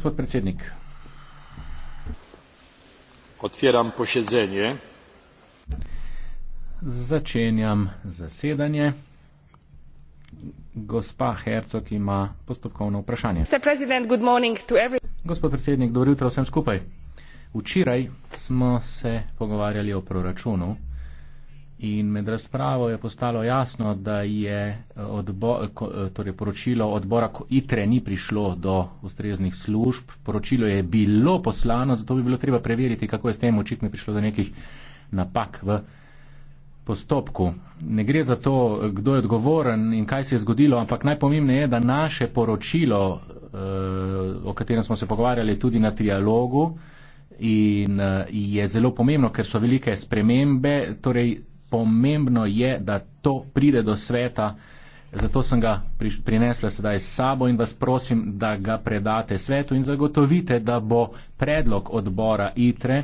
gospod predsednik odpiram posedzenje začenjam zasedanje gospa Hercog ima postopkovno vprašanje gospod predsednik dobro jutro vsem skupaj včeraj smo se pogovarjali o proračunu In med razpravo je postalo jasno, da je eh, odbo, eh, torej poročilo odbora ITRE ni prišlo do ustreznih služb. Poročilo je bilo poslano, zato bi bilo treba preveriti, kako je s tem očitno prišlo do nekih napak v postopku. Ne gre za to, eh, kdo je odgovoren in kaj se je zgodilo, ampak najpomembneje je, da naše poročilo, o katerem smo se pogovarjali tudi na trialogu, In je zelo pomembno, ker so velike spremembe, torej pomembno je, da to pride do sveta. Zato sem ga prinesla sedaj s sabo in vas prosim, da ga predate svetu in zagotovite, da bo predlog odbora ITRE,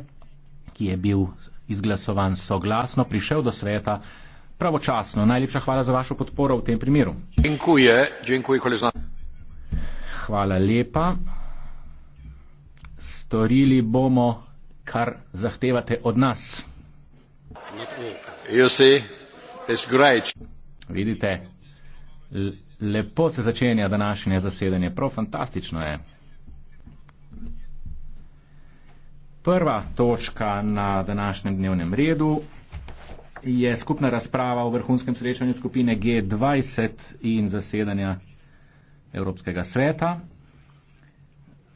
ki je bil izglasovan soglasno, prišel do sveta pravočasno. Najlepša hvala za vašo podporo v tem primeru. Dziękuję, dziękuję, hvala lepa. Storili bomo, kar zahtevate od nas. Ne, ne, ne. Vidite, lepo se začenja današnje zasedanje, prav fantastično je. Prva točka na današnjem dnevnem redu je skupna razprava o vrhunskem srečanju skupine G20 in zasedanja Evropskega sveta.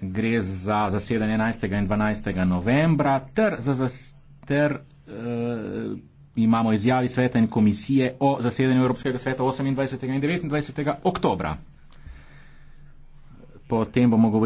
Gre za zasedanje 11. in 12. novembra ter za zasedanje imamo izjavi sveta in komisije o zasedanju Evropskega sveta 28. in 29. oktobra. Potem bomo govorili.